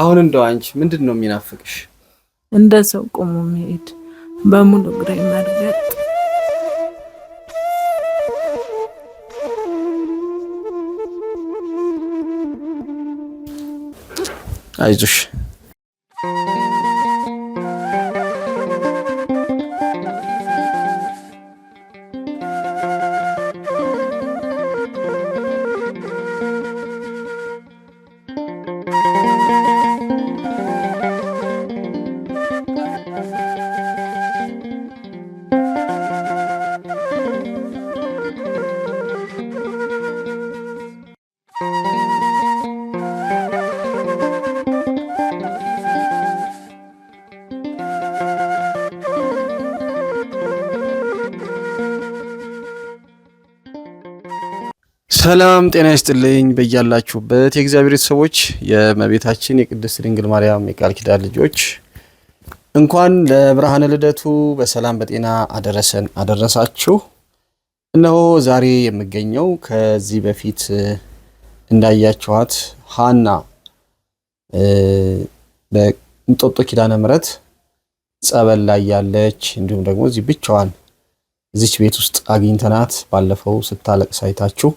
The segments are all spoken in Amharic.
አሁን እንደው አንቺ ምንድን ነው የሚናፍቅሽ? እንደ ሰው ቆሞ መሄድ፣ በሙሉ እግሬ መርገጥ፣ አይዞሽ ሰላም ጤና ይስጥልኝ በያላችሁበት የእግዚአብሔር ቤተሰቦች የእመቤታችን የቅድስት ድንግል ማርያም የቃል ኪዳን ልጆች እንኳን ለብርሃነ ልደቱ በሰላም በጤና አደረሰን አደረሳችሁ። እነሆ ዛሬ የምገኘው ከዚህ በፊት እንዳያችኋት ሀና በእንጦጦ ኪዳነ ምሕረት ጸበል ላይ ያለች እንዲሁም ደግሞ እዚህ ብቻዋን እዚች ቤት ውስጥ አግኝተናት ባለፈው ስታለቅስ አይታችሁ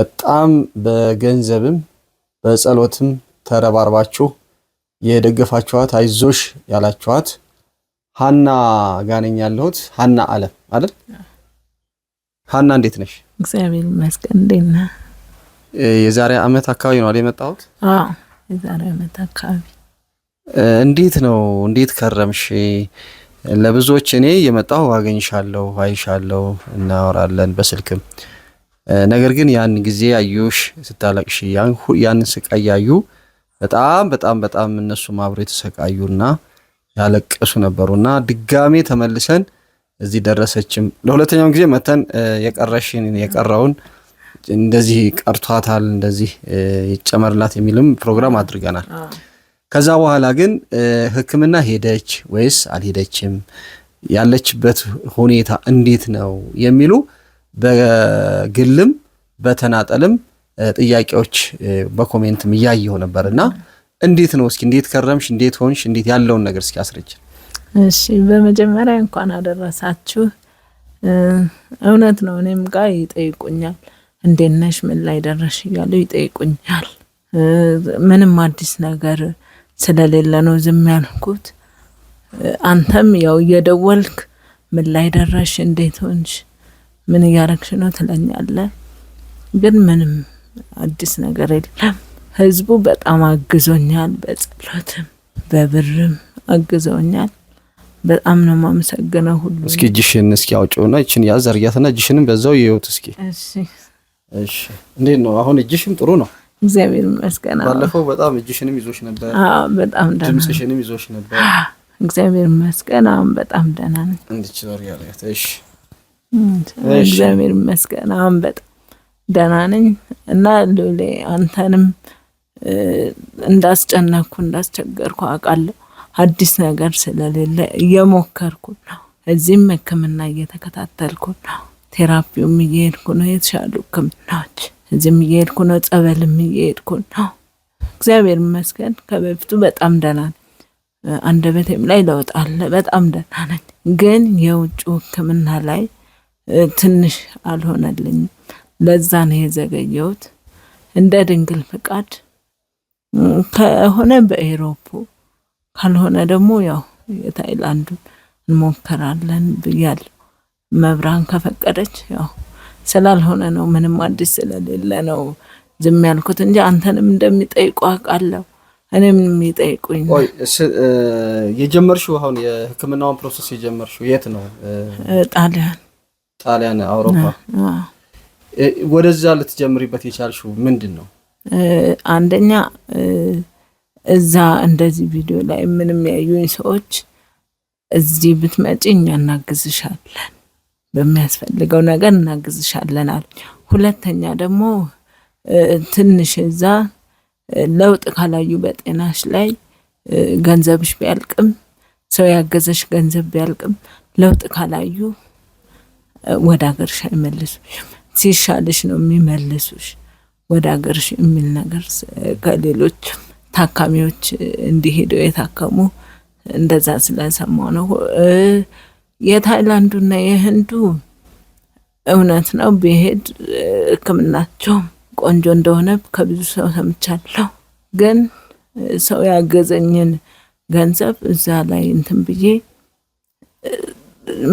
በጣም በገንዘብም በጸሎትም ተረባርባችሁ የደገፋችኋት አይዞሽ ያላችኋት ሀና ጋር ነኝ ያለሁት። ሀና አለም አይደል? ሀና እንዴት ነሽ? እግዚአብሔር ይመስገን። እንዴት ነህ? የዛሬ አመት አካባቢ ነው አይደል የመጣሁት? የዛሬ አመት አካባቢ። እንዴት ነው እንዴት ከረምሽ? ለብዙዎች እኔ የመጣሁ አገኝሻለሁ፣ አይሻለሁ፣ እናወራለን በስልክም ነገር ግን ያን ጊዜ አዩሽ ስታለቅሽ ያንን ስቃይ ያዩ በጣም በጣም በጣም እነሱም አብረው የተሰቃዩና ያለቀሱ ነበሩና ድጋሜ ተመልሰን እዚህ ደረሰችም። ለሁለተኛውም ጊዜ መተን የቀረሽን የቀረውን እንደዚህ ቀርቷታል እንደዚህ ይጨመርላት የሚልም ፕሮግራም አድርገናል። ከዛ በኋላ ግን ሕክምና ሄደች ወይስ አልሄደችም፣ ያለችበት ሁኔታ እንዴት ነው የሚሉ በግልም በተናጠልም ጥያቄዎች በኮሜንትም እያየሁ ነበር እና እንዴት ነው? እስኪ እንዴት ከረምሽ? እንዴት ሆንሽ? እንዴት ያለውን ነገር እስኪ አስረጅን። እሺ፣ በመጀመሪያ እንኳን አደረሳችሁ። እውነት ነው፣ እኔም ጋ ይጠይቁኛል። እንዴት ነሽ? ምን ላይ ደረሽ? እያሉ ይጠይቁኛል። ምንም አዲስ ነገር ስለሌለ ነው ዝም ያልኩት። አንተም ያው እየደወልክ ምን ላይ ደረሽ? እንዴት ሆንሽ ምን እያረግሽ ነው ትለኛለ። ግን ምንም አዲስ ነገር የለም። ህዝቡ በጣም አግዞኛል። በጸሎትም በብርም አግዞኛል። በጣም ነው ማመሰግነው። ሁሉ እስኪ እጅሽን እስኪ አውጪውና እችን ያዝ አርጊያትና እጅሽንም በዛው ይኸውት እስኪ። እሺ፣ እሺ። እንዴት ነው አሁን? እጅሽም ጥሩ ነው። እግዚአብሔር ይመስገን። ባለፈው በጣም እጅሽንም ይዞሽ ነበር። አዎ፣ በጣም ደህና። ድምጽሽንም ይዞሽ ነበር። እግዚአብሔር ይመስገን። አሁን በጣም ደህና ነኝ። እንድችላር ያለ እሺ እግዚአብሔር ይመስገን አሁን በጣም ደህና ነኝ እና ሎሌ አንተንም እንዳስጨነቅኩ እንዳስቸገርኩ አውቃለሁ። አዲስ ነገር ስለሌለ እየሞከርኩ ነው። እዚህም ሕክምና እየተከታተልኩ ነው። ቴራፒውም እየሄድኩ ነው። የተሻሉ ሕክምናዎች እዚህም እየሄድኩ ነው። ጸበልም እየሄድኩ ነው። እግዚአብሔር ይመስገን ከበፊቱ በጣም ደህና ነኝ። አንደበቴም ላይ ለውጥ አለ። በጣም ደህና ነኝ። ግን የውጭ ሕክምና ላይ ትንሽ አልሆነልኝም። ለዛ ነው የዘገየሁት። እንደ ድንግል ፍቃድ ከሆነ በኤሮፖ ካልሆነ ደግሞ ያው የታይላንዱን እንሞከራለን ብያለሁ። መብራን ከፈቀደች ያው ስላልሆነ ነው ምንም አዲስ ስለሌለ ነው ዝም ያልኩት እንጂ አንተንም እንደሚጠይቁ አውቃለሁ። እኔም የሚጠይቁኝ የጀመርሽው አሁን የህክምናውን ፕሮሰስ የጀመርሽው የት ነው? ጣሊያን ጣሊያን፣ አውሮፓ ወደዛ ልትጀምሪበት የቻልሽው ምንድን ነው? አንደኛ እዛ እንደዚህ ቪዲዮ ላይ ምንም ያዩኝ ሰዎች እዚህ ብትመጪ እኛ እናግዝሻለን፣ በሚያስፈልገው ነገር እናግዝሻለን አሉ። ሁለተኛ ደግሞ ትንሽ እዛ ለውጥ ካላዩ በጤናሽ ላይ ገንዘብሽ ቢያልቅም ሰው ያገዘሽ ገንዘብ ቢያልቅም ለውጥ ካላዩ ወደ ሀገርሽ አይመልሱሽ፣ ሲሻልሽ ነው የሚመልሱሽ ወደ ሀገርሽ የሚል ነገር ከሌሎች ታካሚዎች እንዲሄደው የታከሙ እንደዛ ስለሰማው ነው። የታይላንዱና የህንዱ እውነት ነው። ብሄድ ሕክምናቸው ቆንጆ እንደሆነ ከብዙ ሰው ሰምቻለሁ። ግን ሰው ያገዘኝን ገንዘብ እዛ ላይ እንትን ብዬ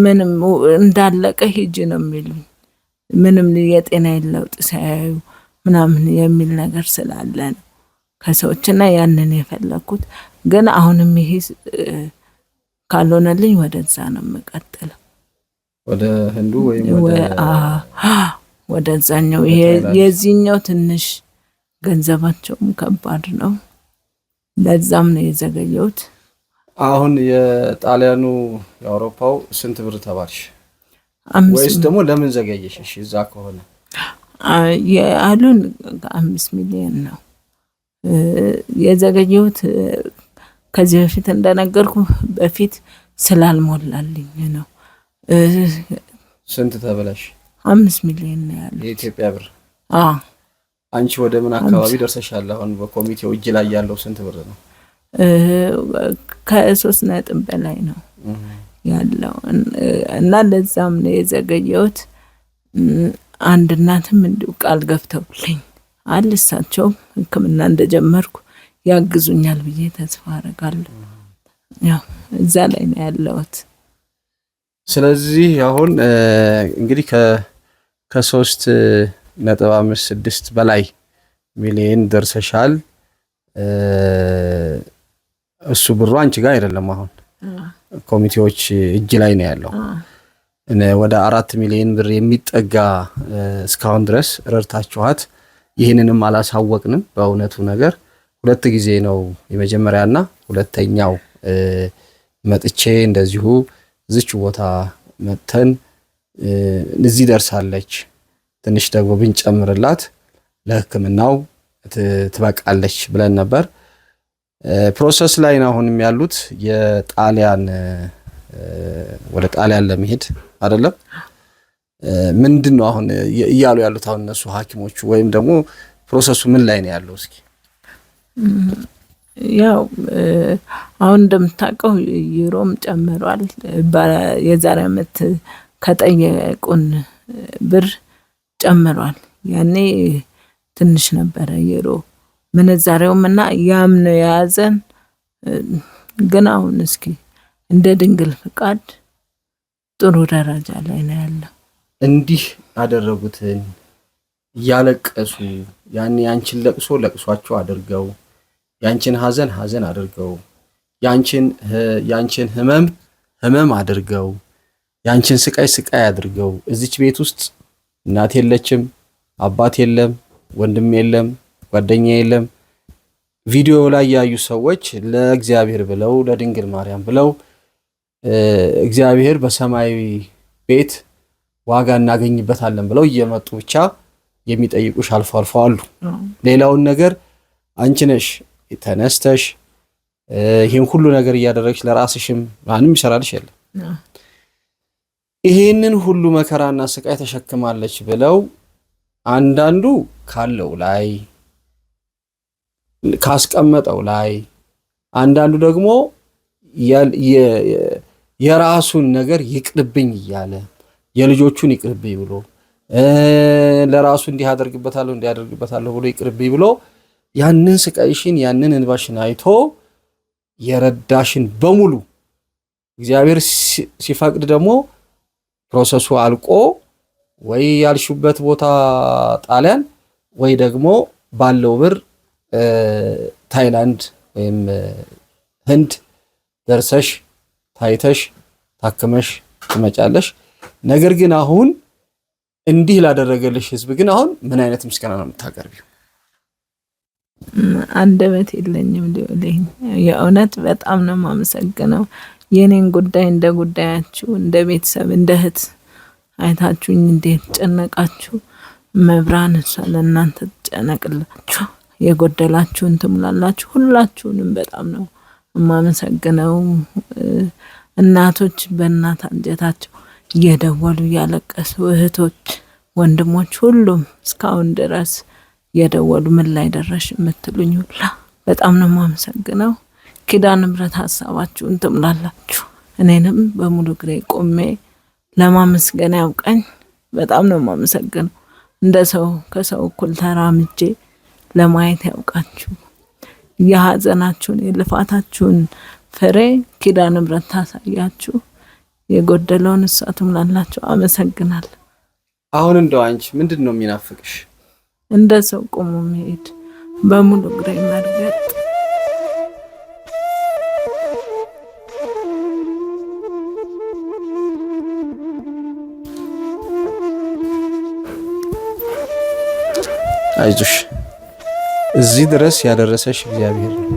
ምንም እንዳለቀ ሂጂ ነው የሚሉኝ። ምንም የጤና ለውጥ ሳያዩ ምናምን የሚል ነገር ስላለ ነው ከሰዎችና ያንን የፈለግኩት ግን አሁንም ይሄ ካልሆነልኝ ወደዛ ነው የምቀጥለው፣ ወደ ህንዱ ወይም ወደዛኛው። የዚህኛው ትንሽ ገንዘባቸውም ከባድ ነው። ለዛም ነው የዘገየሁት። አሁን የጣሊያኑ የአውሮፓው ስንት ብር ተባልሽ? ወይስ ደግሞ ለምን ዘገየሽ? እዛ ከሆነ አሉን አምስት ሚሊዮን ነው የዘገየሁት። ከዚህ በፊት እንደነገርኩ በፊት ስላልሞላልኝ ነው። ስንት ተበላሽ? አምስት ሚሊዮን ነው ያሉት የኢትዮጵያ ብር። አንቺ ወደ ምን አካባቢ ደርሰሻል? አሁን በኮሚቴው እጅ ላይ ያለው ስንት ብር ነው? ከሶስት ነጥብ በላይ ነው ያለው እና ለዛም ነው የዘገየሁት። አንድ እናትም እንዲሁ ቃል ገብተውልኝ አል እሳቸው ሕክምና እንደጀመርኩ ያግዙኛል ብዬ ተስፋ አደርጋለሁ። ያው እዛ ላይ ነው ያለሁት። ስለዚህ አሁን እንግዲህ ከሶስት ነጥብ አምስት ስድስት በላይ ሚሊዮን ደርሰሻል። እሱ ብሩ አንቺ ጋር አይደለም። አሁን ኮሚቴዎች እጅ ላይ ነው ያለው። ወደ አራት ሚሊዮን ብር የሚጠጋ እስካሁን ድረስ ረድታችኋት፣ ይህንንም አላሳወቅንም። በእውነቱ ነገር ሁለት ጊዜ ነው የመጀመሪያና ሁለተኛው መጥቼ እንደዚሁ ዝች ቦታ መጥተን እዚህ ደርሳለች፣ ትንሽ ደግሞ ብንጨምርላት ለሕክምናው ትበቃለች ብለን ነበር። ፕሮሰስ ላይ ነው አሁንም ያሉት የጣሊያን ወደ ጣሊያን ለመሄድ አይደለም። ምንድን ነው አሁን እያሉ ያሉት አሁን እነሱ ሐኪሞቹ ወይም ደግሞ ፕሮሰሱ ምን ላይ ነው ያለው? እስኪ ያው አሁን እንደምታውቀው ዩሮም ጨምሯል። የዛሬ ዓመት ከጠየቁን ብር ጨምሯል። ያኔ ትንሽ ነበረ ዩሮ መነዛሬውም እና ያም ነው የያዘን። ግን አሁን እስኪ እንደ ድንግል ፍቃድ ጥሩ ደረጃ ላይ ነው ያለው። እንዲህ አደረጉትን እያለቀሱ ያን ያንቺን ለቅሶ ለቅሷቸው አድርገው ያንቺን ሀዘን ሀዘን አድርገው ያንቺን ህመም ህመም አድርገው ያንቺን ስቃይ ስቃይ አድርገው እዚች ቤት ውስጥ እናት የለችም፣ አባት የለም፣ ወንድም የለም ጓደኛ የለም። ቪዲዮ ላይ ያዩ ሰዎች ለእግዚአብሔር ብለው ለድንግል ማርያም ብለው እግዚአብሔር በሰማያዊ ቤት ዋጋ እናገኝበታለን ብለው እየመጡ ብቻ የሚጠይቁሽ አልፎ አልፎ አሉ። ሌላውን ነገር አንቺ ነሽ ተነስተሽ ይህን ሁሉ ነገር እያደረግሽ ለራስሽም ማንም ይሰራልሽ የለም። ይህንን ሁሉ መከራና ስቃይ ተሸክማለች ብለው አንዳንዱ ካለው ላይ ካስቀመጠው ላይ አንዳንዱ ደግሞ የራሱን ነገር ይቅርብኝ እያለ የልጆቹን ይቅርብኝ ብሎ ለራሱ እንዲህ አደርግበታለሁ እንዲያደርግበታለሁ ብሎ ይቅርብኝ ብሎ ያንን ስቃይሽን ያንን እንባሽን አይቶ የረዳሽን በሙሉ እግዚአብሔር ሲፈቅድ ደግሞ ፕሮሰሱ አልቆ ወይ ያልሹበት ቦታ ጣሊያን ወይ ደግሞ ባለው ብር ታይላንድ ወይም ህንድ ደርሰሽ ታይተሽ ታክመሽ ትመጫለሽ። ነገር ግን አሁን እንዲህ ላደረገልሽ ህዝብ ግን አሁን ምን አይነት ምስጋና ነው የምታቀርቢው? አንደበት የለኝም ሊሆን የእውነት በጣም ነው የማመሰግነው። የእኔን ጉዳይ እንደ ጉዳያችሁ እንደ ቤተሰብ እንደ እህት አይታችሁኝ እንዴት ጨነቃችሁ። መብራን እሷ ለእናንተ ትጨነቅላችሁ። የጎደላችሁን ትሙላላችሁ። ሁላችሁንም በጣም ነው የማመሰግነው። እናቶች በእናት አንጀታቸው እየደወሉ እያለቀሱ፣ እህቶች፣ ወንድሞች፣ ሁሉም እስካሁን ድረስ እየደወሉ ምን ላይ ደረሽ የምትሉኝ ሁላ በጣም ነው የማመሰግነው። ኪዳነ ምሕረት ሀሳባችሁን ትምላላችሁ። እኔንም በሙሉ እግሬ ቆሜ ለማመስገን ያውቀኝ በጣም ነው የማመሰግነው። እንደ ሰው ከሰው እኩል ተራምጄ ለማየት ያውቃችሁ። የሀዘናችሁን የልፋታችሁን ፍሬ ኪዳነ ምሕረት ታሳያችሁ። የጎደለውን እሷ ትሙላላችሁ። አመሰግናል አሁን እንደው አንቺ ምንድን ነው የሚናፍቅሽ? እንደ ሰው ቆሞ መሄድ፣ በሙሉ እግሬ መርገጥ አይዞሽ እዚህ ድረስ ያደረሰሽ እግዚአብሔር ነው።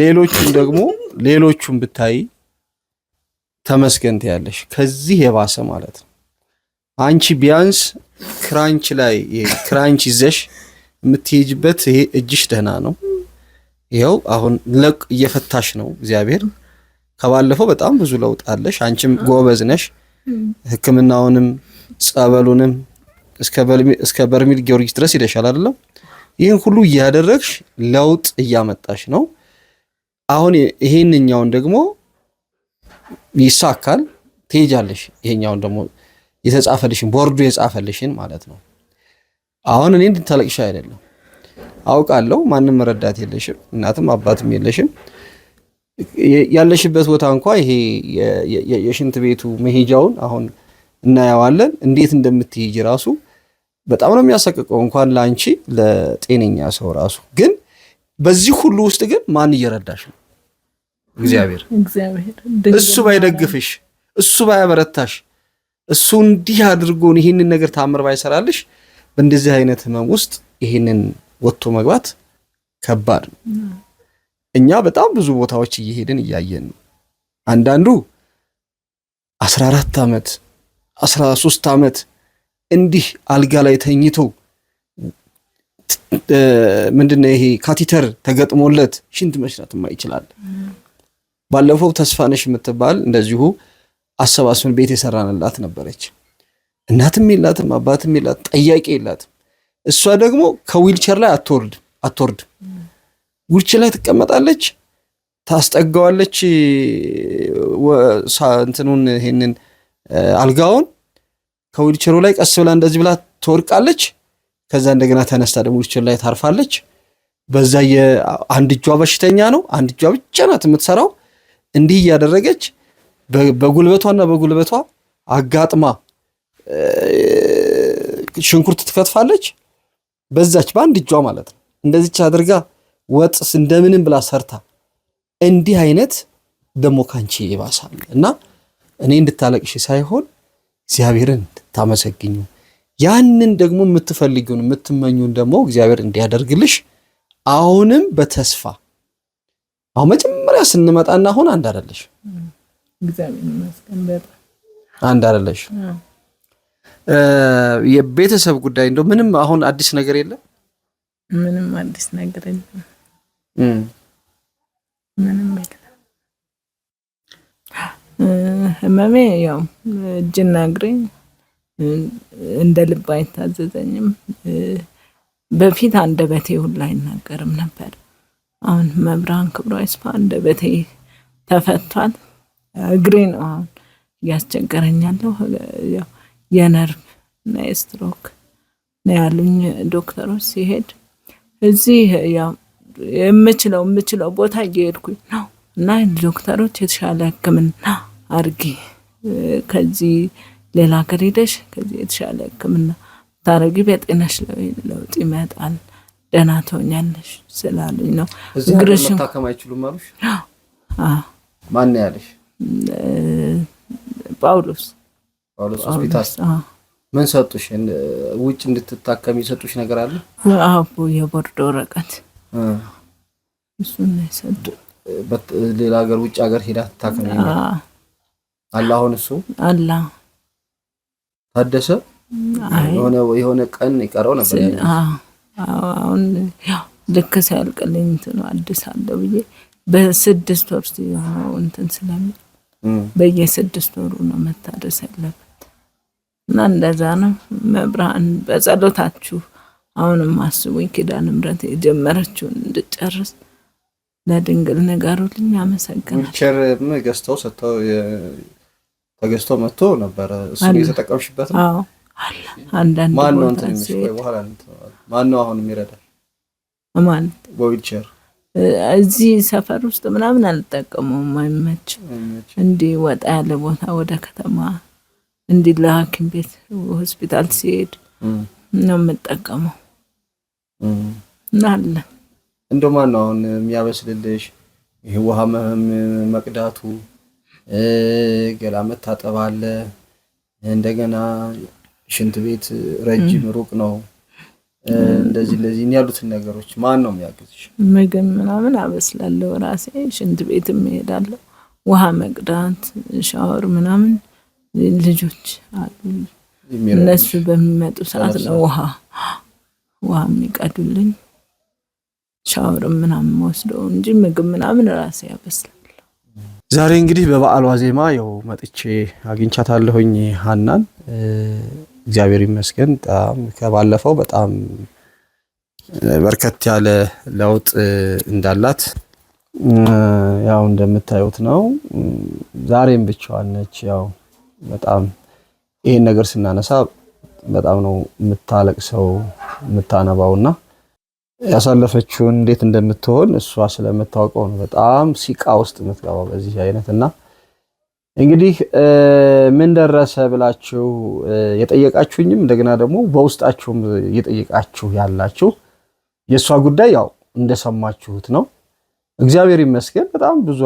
ሌሎቹም ደግሞ ሌሎቹም ብታይ ተመስገንት ያለሽ ከዚህ የባሰ ማለት ነው። አንቺ ቢያንስ ክራንች ላይ ክራንች ይዘሽ የምትሄጅበት ይሄ እጅሽ ደህና ነው። ይኸው አሁን ለቅ እየፈታሽ ነው እግዚአብሔር። ከባለፈው በጣም ብዙ ለውጥ አለሽ። አንቺም ጎበዝ ነሽ። ሕክምናውንም ጸበሉንም እስከ በርሚል ጊዮርጊስ ድረስ ሄደሻል አይደለም? ይህን ሁሉ እያደረግሽ ለውጥ እያመጣሽ ነው። አሁን ይሄንኛውን ደግሞ ይሳካል ትሄጃለሽ። ይሄኛውን ደግሞ የተጻፈልሽን ቦርዱ የጻፈልሽን ማለት ነው። አሁን እኔ እንድታለቅሻ አይደለም አውቃለሁ። ማንም መረዳት የለሽም፣ እናትም አባትም የለሽም። ያለሽበት ቦታ እንኳ ይሄ የሽንት ቤቱ መሄጃውን አሁን እናየዋለን፣ እንዴት እንደምትሄጅ ራሱ በጣም ነው የሚያሰቅቀው። እንኳን ለአንቺ ለጤነኛ ሰው ራሱ ግን በዚህ ሁሉ ውስጥ ግን ማን እየረዳሽ ነው? እግዚአብሔር። እሱ ባይደግፍሽ፣ እሱ ባያበረታሽ፣ እሱ እንዲህ አድርጎን ይህንን ነገር ታምር ባይሰራልሽ በእንደዚህ አይነት ህመም ውስጥ ይህንን ወጥቶ መግባት ከባድ ነው። እኛ በጣም ብዙ ቦታዎች እየሄድን እያየን ነው። አንዳንዱ አስራ አራት ዓመት አስራ ሶስት ዓመት እንዲህ አልጋ ላይ ተኝቶ ምንድነው ይሄ ካቲተር ተገጥሞለት ሽንት መሽናት ማይችላል። ባለፈው ተስፋነሽ የምትባል እንደዚሁ አሰባስበን ቤት የሰራንላት ነበረች። እናትም የላትም አባትም የላትም ጠያቂ የላትም። እሷ ደግሞ ከዊልቸር ላይ አትወርድ አትወርድ ላይ ትቀመጣለች። ታስጠጋዋለች እንትኑን ይሄንን አልጋውን ከዊልቸሩ ላይ ቀስ ብላ እንደዚህ ብላ ትወድቃለች። ከዛ እንደገና ተነስታ ደግሞ ዊልቸር ላይ ታርፋለች። በዛ የአንድ እጇ በሽተኛ ነው፣ አንድ እጇ ብቻ ናት የምትሰራው። እንዲህ እያደረገች በጉልበቷና በጉልበቷ አጋጥማ ሽንኩርት ትከትፋለች። በዛች በአንድ እጇ ማለት ነው። እንደዚች አድርጋ ወጥ እንደምንም ብላ ሰርታ እንዲህ አይነት ደግሞ ካንቺ ይባሳል እና እኔ እንድታለቅሽ ሳይሆን እግዚአብሔርን ታመሰግኙ። ያንን ደግሞ የምትፈልጊውን የምትመኙን ደግሞ እግዚአብሔር እንዲያደርግልሽ አሁንም በተስፋ አሁን መጀመሪያ ስንመጣና አሁን አንድ አይደለሽ፣ አንድ አይደለሽ። የቤተሰብ ጉዳይ እንደው ምንም አሁን አዲስ ነገር የለም። ምንም አዲስ ነገር የለም። ምንም ህመሜ ያው እጅና እግሬ እንደ ልብ አይታዘዘኝም። በፊት አንደበቴ ሁላ አይናገርም ነበር። አሁን መብርሃን ክብሯ አንደ አንደበቴ ተፈቷል። እግሬ ነው አሁን እያስቸገረኝ ያለው። የነርቭ እና የስትሮክ ነው ያሉኝ ዶክተሮች። ሲሄድ እዚህ ያው የምችለው የምችለው ቦታ እየሄድኩኝ ነው እና ዶክተሮች የተሻለ ህክምና። አድርጊ፣ ከዚህ ሌላ ሀገር ሄደሽ ከዚህ የተሻለ ሕክምና ታረጊ፣ በጤናሽ ለውጥ ይመጣል፣ ደህና ትሆኛለሽ ስላሉኝ ነው። እግርሽም መታከም አይችሉም አሉሽ? ማን ያለሽ? ጳውሎስ ጳውሎስ ሆስፒታል። ምን ሰጡሽ? ውጭ እንድትታከም የሰጡሽ ነገር አለ? አቦ የቦርድ ወረቀት እሱ ሰጡ። ሌላ ሀገር ውጭ ሀገር ሄዳ ትታከም አለ። አሁን እሱ አለ ታደሰ የሆነ የሆነ ቀን ይቀረው ነበር። አሁን ያው ልክ ሳያልቅልኝ እንትኑ አዲስ አለ ብዬ በስድስት ወር ሲሆነው እንትን ስለሚል በየስድስት ወሩ ነው መታደስ ያለበት እና እንደዛ ነው። መብርሃን በጸሎታችሁ አሁንም አስቡኝ። ኪዳነ ምሕረት የጀመረችውን እንድጨርስ ለድንግል ንገሩልኝ። አመሰግናለሁ። ቸር ገዝተው ሰጥተው ተገዝቶ መጥቶ ነበረ። እሱ የተጠቀምሽበት ነው። ማነው እንትን በኋላ ማነው አሁን የሚረዳል? ማን በዊልቸር እዚህ ሰፈር ውስጥ ምናምን አልጠቀመውም። አይመች እንዲህ ወጣ ያለ ቦታ ወደ ከተማ እንዲህ ለሐኪም ቤት ሆስፒታል ሲሄድ ነው የምጠቀመው። አለ እንደ ማነው አሁን የሚያበስልልሽ? ይህ ውሃ መቅዳቱ ገላ መታጠብ አለ። እንደገና ሽንት ቤት ረጅም ሩቅ ነው። እንደዚህ እንደዚህ ያሉትን ነገሮች ማን ነው የሚያግዝሽ? ምግብ ምናምን አበስላለሁ ራሴ። ሽንት ቤት እሄዳለሁ። ውሃ መቅዳት፣ ሻወር ምናምን ልጆች አሉ። እነሱ በሚመጡ ሰዓት ነው ውሃ ውሃ የሚቀዱልኝ ሻወር ምናምን ወስደው እንጂ ምግብ ምናምን ራሴ ያበስላል። ዛሬ እንግዲህ በበዓል ዋዜማ ያው መጥቼ አግኝቻታለሁኝ ሀናን። እግዚአብሔር ይመስገን በጣም ከባለፈው በጣም በርከት ያለ ለውጥ እንዳላት ያው እንደምታዩት ነው። ዛሬም ብቻዋን ነች። ያው በጣም ይሄን ነገር ስናነሳ በጣም ነው የምታለቅሰው የምታነባውና ያሳለፈችውን እንዴት እንደምትሆን እሷ ስለምታውቀው ነው። በጣም ሲቃ ውስጥ የምትገባው በዚህ አይነት እና እንግዲህ ምን ደረሰ ብላችሁ የጠየቃችሁኝም እንደገና ደግሞ በውስጣችሁም እየጠየቃችሁ ያላችሁ የእሷ ጉዳይ ያው እንደሰማችሁት ነው። እግዚአብሔር ይመስገን በጣም ብዙ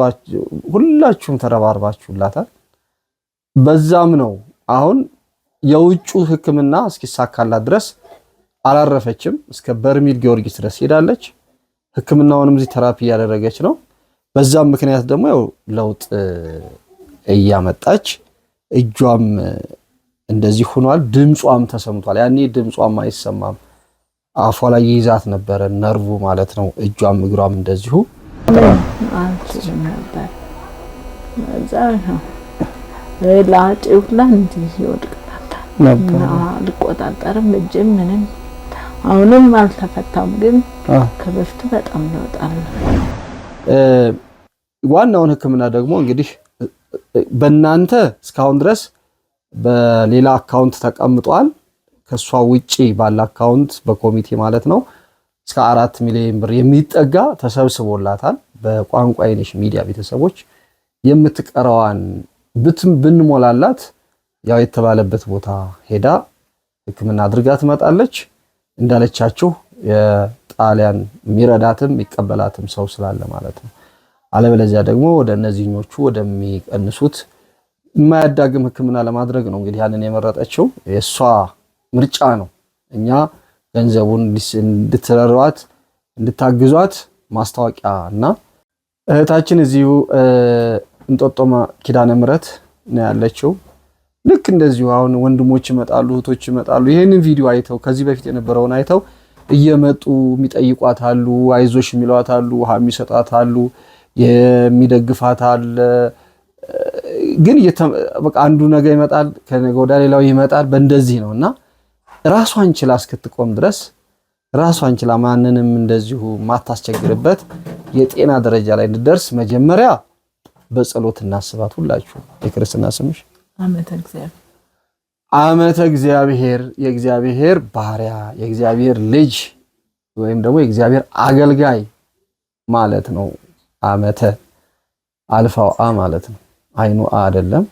ሁላችሁም ተረባርባችሁላታል። በዛም ነው አሁን የውጩ ሕክምና እስኪሳካላት ድረስ አላረፈችም። እስከ በርሚል ጊዮርጊስ ድረስ ሄዳለች። ህክምናውንም እዚህ ተራፒ እያደረገች ነው። በዛም ምክንያት ደግሞ ያው ለውጥ እያመጣች እጇም እንደዚህ ሆኗል። ድምጿም ተሰምቷል። ያኔ ድምጿም አይሰማም አፏ ላይ ይዛት ነበረ፣ ነርቡ ማለት ነው። እጇም እግሯም እንደዚሁ ላጤ ሁላ እንዲህ ይወድቅላታል። አልቆጣጠርም እጅም ምንም አሁንም አልተፈታም፣ ግን ከበፊቱ በጣም ለውጣል። ዋናውን ህክምና ደግሞ እንግዲህ በእናንተ እስካሁን ድረስ በሌላ አካውንት ተቀምጧል። ከእሷ ውጪ ባለ አካውንት በኮሚቴ ማለት ነው እስከ አራት ሚሊዮን ብር የሚጠጋ ተሰብስቦላታል። በቋንቋ አይነሽ ሚዲያ ቤተሰቦች የምትቀረዋን ብትም ብንሞላላት ያው የተባለበት ቦታ ሄዳ ህክምና አድርጋ ትመጣለች። እንዳለቻችሁ የጣሊያን የሚረዳትም የሚቀበላትም ሰው ስላለ ማለት ነው። አለበለዚያ ደግሞ ወደ እነዚህኞቹ ወደሚቀንሱት የማያዳግም ሕክምና ለማድረግ ነው እንግዲህ ያንን የመረጠችው የእሷ ምርጫ ነው። እኛ ገንዘቡን እንድትረሯት እንድታግዟት ማስታወቂያ እና እህታችን እዚሁ እንጦጦማ ኪዳነ ምሕረት ነው ያለችው። ልክ እንደዚሁ አሁን ወንድሞች ይመጣሉ፣ እህቶች ይመጣሉ። ይህንን ቪዲዮ አይተው ከዚህ በፊት የነበረውን አይተው እየመጡ የሚጠይቋት አሉ፣ አይዞሽ የሚሏት አሉ፣ ውሃ የሚሰጣት አሉ፣ የሚደግፋት አለ። ግን አንዱ ነገ ይመጣል፣ ከነገ ወዲያ ሌላው ይመጣል። በእንደዚህ ነው እና ራሷን ችላ እስክትቆም ድረስ ራሷን ችላ ማንንም እንደዚሁ ማታስቸግርበት የጤና ደረጃ ላይ እንድደርስ መጀመሪያ በጸሎት እናስባት። ሁላችሁ የክርስትና ስምሽ አመተ እግዚአብሔር የእግዚአብሔር ባሪያ የእግዚአብሔር ልጅ ወይም ደግሞ የእግዚአብሔር አገልጋይ ማለት ነው። አመተ አልፋው አ ማለት ነው። አይኑ አ አይደለም።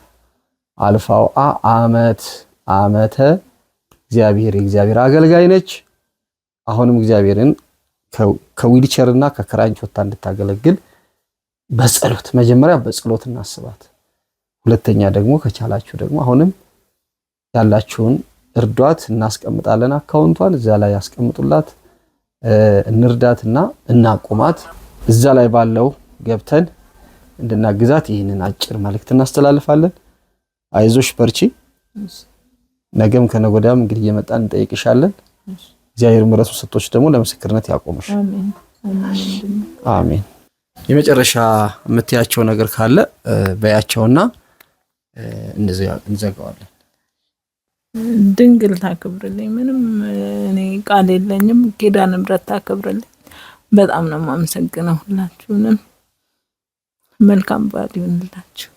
አልፋው አ አመት አመተ እግዚአብሔር የእግዚአብሔር አገልጋይ ነች። አሁንም እግዚአብሔርን ከዊልቸርና ከክራንች ወታ እንድታገለግል በጸሎት መጀመሪያ በጸሎት እናስባት። ሁለተኛ ደግሞ ከቻላችሁ ደግሞ አሁንም ያላችሁን እርዷት፣ እናስቀምጣለን አካውንቷን እዛ ላይ ያስቀምጡላት፣ እንርዳትና እናቁማት። እዛ ላይ ባለው ገብተን እንድናግዛት ይህንን አጭር መልእክት እናስተላልፋለን። አይዞሽ በርቺ። ነገም ከነጎዳም እንግዲህ እየመጣን እንጠይቅሻለን። እግዚአብሔር ምሕረቱ ሰጥቶች ደግሞ ለምስክርነት ያቆምሽ። አሜን። የመጨረሻ የምትያቸው ነገር ካለ በያቸውና እንዘጋዋለን። ድንግል ታክብርልኝ። ምንም እኔ ቃል የለኝም። ጌዳ ንብረት ታክብርልኝ። በጣም ነው የማመሰግነው። ሁላችሁንም መልካም በዓል ይሁንላችሁ።